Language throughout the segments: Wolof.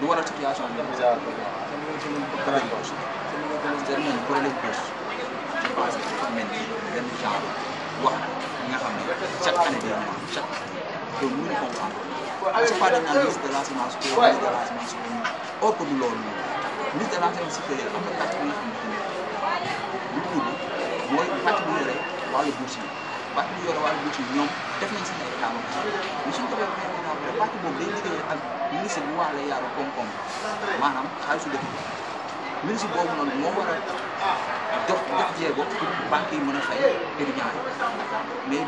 lu waral situation bi bizarre problème poche benn problème poche je pense que dafa mel ni benn genre wax nga xam ne chaque année day am chaque année loolu mënuñu comprendre parce que pas dañ naan ministre de l'enseignement supérieur ministre de l'enseignement supérieur or que du loolu ministre de l'enseignement supérieur am na partie bi nga xam ne wàllu bourse yi parti bi yore ñoom def nañ seen ay état ba mais suñ ko defee benn état boobu wax la yaaru koom-koom noonu moo a jox jox a fay étudiants yi mais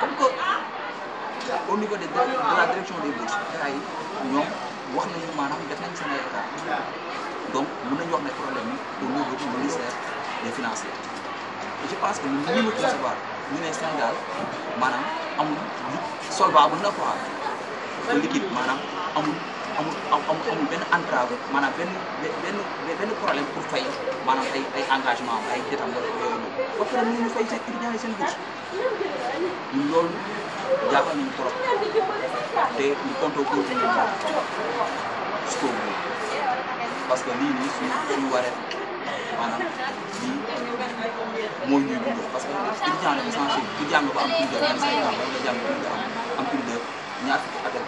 comme que au niveau de de la direction des wax nañu maanaam def nañ seen ay état donc mën nañu wax ne problème yi au ministère des finances je pense que ñun li ñu recevoir ñu ne Sénégal maanaam amul solvable na ko liquide maanaam amul amul amul benn entrave maanaam benn benn benn problème pour fay maanaam ay ay engagement ay détam wala yooyu noonu fay seen étudiants yi seen bourse loolu jaaxal nañu trop te ñu compte ko ñu jusqu'au bout parce que lii nii suñu maanaam mooy ñuy parce que étudiant la essentiel étudiant nga ba am plus de vingt cinq ans jàng am plus de ñaar fukki at ak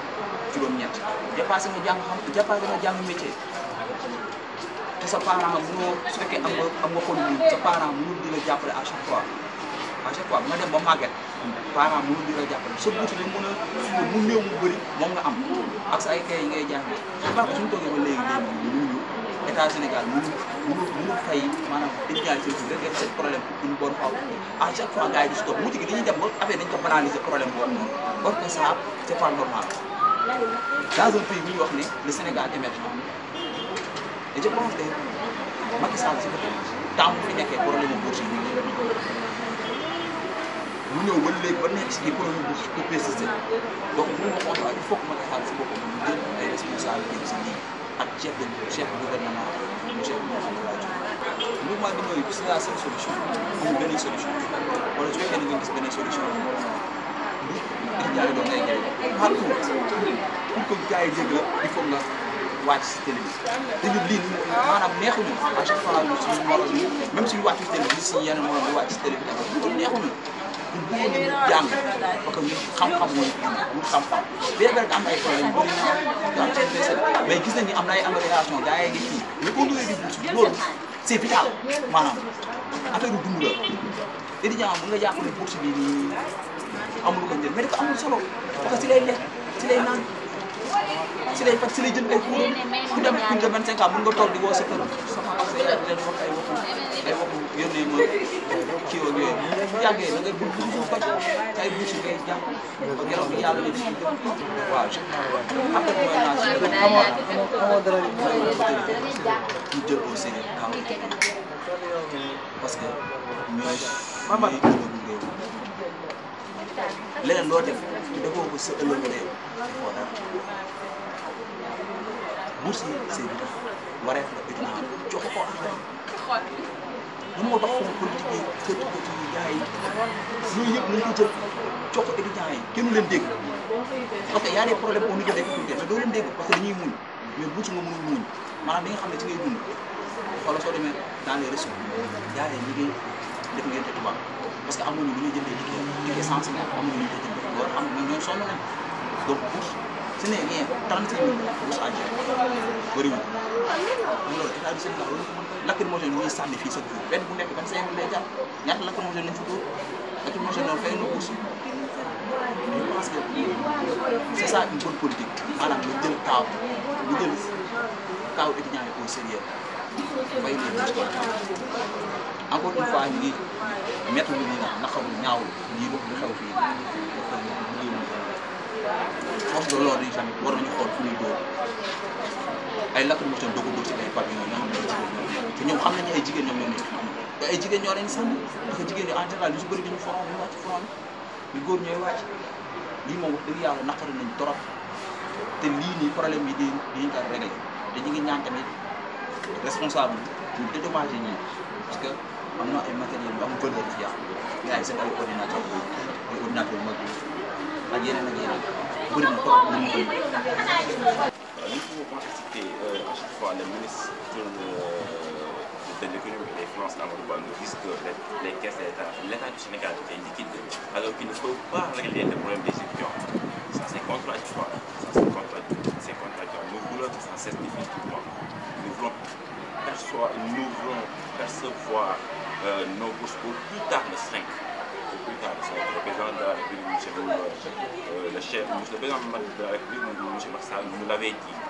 juróom-ñett dépassé nga jàng xam dépassé nga jàng métier sa su am nga am nga sa di la jàppale à chaque fois à chaque fois nga dem ba di la jàppale sa buuti la mën a mu néew mu bëri moom nga am ak sa ay kay ngay jàng ba suñu ba État Sénégal mënu mënu fay maanaam dañu ñaan seen suuf rek def seen problème une bonne fois à chaque fois gars yi di si topp mujj gi dañuy dem ba affaire dañu ko banaliser problème boobu noonu or que ça c' est pas normal dans un pays bu ñuy wax ne le Sénégal émergent et je pense que Macky Sall si côté temps bu fi nekkee problème bu bourse yi mu ñëw ba léegi ba nekk si problème bu bu persisté donc bu ma ko waxee il faut que Macky Sall si boppam mu jël ay responsabilités si lii. ak chef de chef de gouvernement chef de gouvernement mouvement bi mooy gis naa seen solution amul benn solution wala su fekkee ne ngeen gis benn solution lu jaay doon ngay jaay partout pour que gars yi dégg la il faut nga wàcc si télé bi dañu lii nii maanaam neexuñu à chaque fois suñu moroom yi même suñu wàccu télé bi si yenn moroom yi wàcc si télé bi dafa neexuñu ñu bëggoon nañu jàng parce que xam-xam mooy xam-xam bien vrai que am ay problème bëri na mais gis nañu am na ay amélioration gars yi ngi kii lu ko nuyee di loolu c' est vital maanaam affaire dund la étudiant mën nga jàpp ne bourse bi nii amul ko njëriñ mais dafa amul solo parce que si lay lekk si lay naan. si lay faj si lay jënd ay kuréel ku dem plus de 25 ans mën nga toog di woo sa kër sama ak sa yaay di leen wax ay waxu ay waxu yónnee ma kii ak yooyu bu yàggee da ngay bu bu ko faj ay bouche ngay jàpp ba ngelaw bi yàlla la ci def waaw je après mooy naa si amoo amoo dara ñu jël au sérieux kaw parce que ñooy mama leneen loo def defoo ko sa ëllëg réew defoo dara bourse yi c' est vital wareef la étudiant joxe ko a tamit lu moo tax foofu politique yi xëcc ko ci gars yi yooyu yëpp nañ ko jël jox ko étudiants yi kenn leen dégg parce que y a des problèmes au niveau des facultés mais doo leen dégg que dañuy muñ mais bourse nga mënul muñ maanaam li nga xam ne ci ngay dund wala soo demee dans les réseaux yi ñi ngi def ngeen te tubaab parce que amuñu lu ñuy jëndee ticket ticket sensible amuñu lu ñuy jëndee loolu xam ce n'est rien trente cinq mille bourse à gérer bëriwul loolu état bi Sénégal loolu lacrymogène ñuy sànni fii chaque jour benn bu nekk vingt cinq mille lay jar ñaata lacrymogène lañ fi dóor lacrymogène noonu fay na bourse je pense que c'est ça une bonne politique maanaam ñu jël kaaw ñu jël kaaw étudiant yi au sérieux bay leen encore une fois ñu ngi métti lu ñuy naan naqaru ñaaw lii wax lu xew fii force de l'ordre yi tamit war nañu xool fu ñuy dóor ay lacrymogène doo ko dóor ci ay pavillon ñoo xam ne ay jigéen ñoo te xam nañu ay jigéen ñoom ñoo nekk te ay jigéen ñoo leen sànni ndax jigéen ñi en ñu si bëri dañu forom ñu wàcc góor ñooy wàcc lii moom wax yàlla naqari nañ torop te lii nii problème yi dañ dañ koy réglé te ñu ngi ñaan tamit responsable bi ñu dédommagé parce que am na ay matériels yu am fi yàqu mais ay seen ay ordinateur ay ordinateur mag nous pouvons eh, chaque fois le ministre de l'économie et des finances nous disent que les caisses de l'État, du Sénégal est liquide alors qu'il ne faut pas régler le problème des étudiants. Ça c'est contradictoire, ça c'est Nous voulons que ça cesse définitivement. Nous voulons percevoir, euh, nos bourses plus tard le 5. besoin de la République, monsieur, le chef, le président de la République nous dit, monsieur Marcel,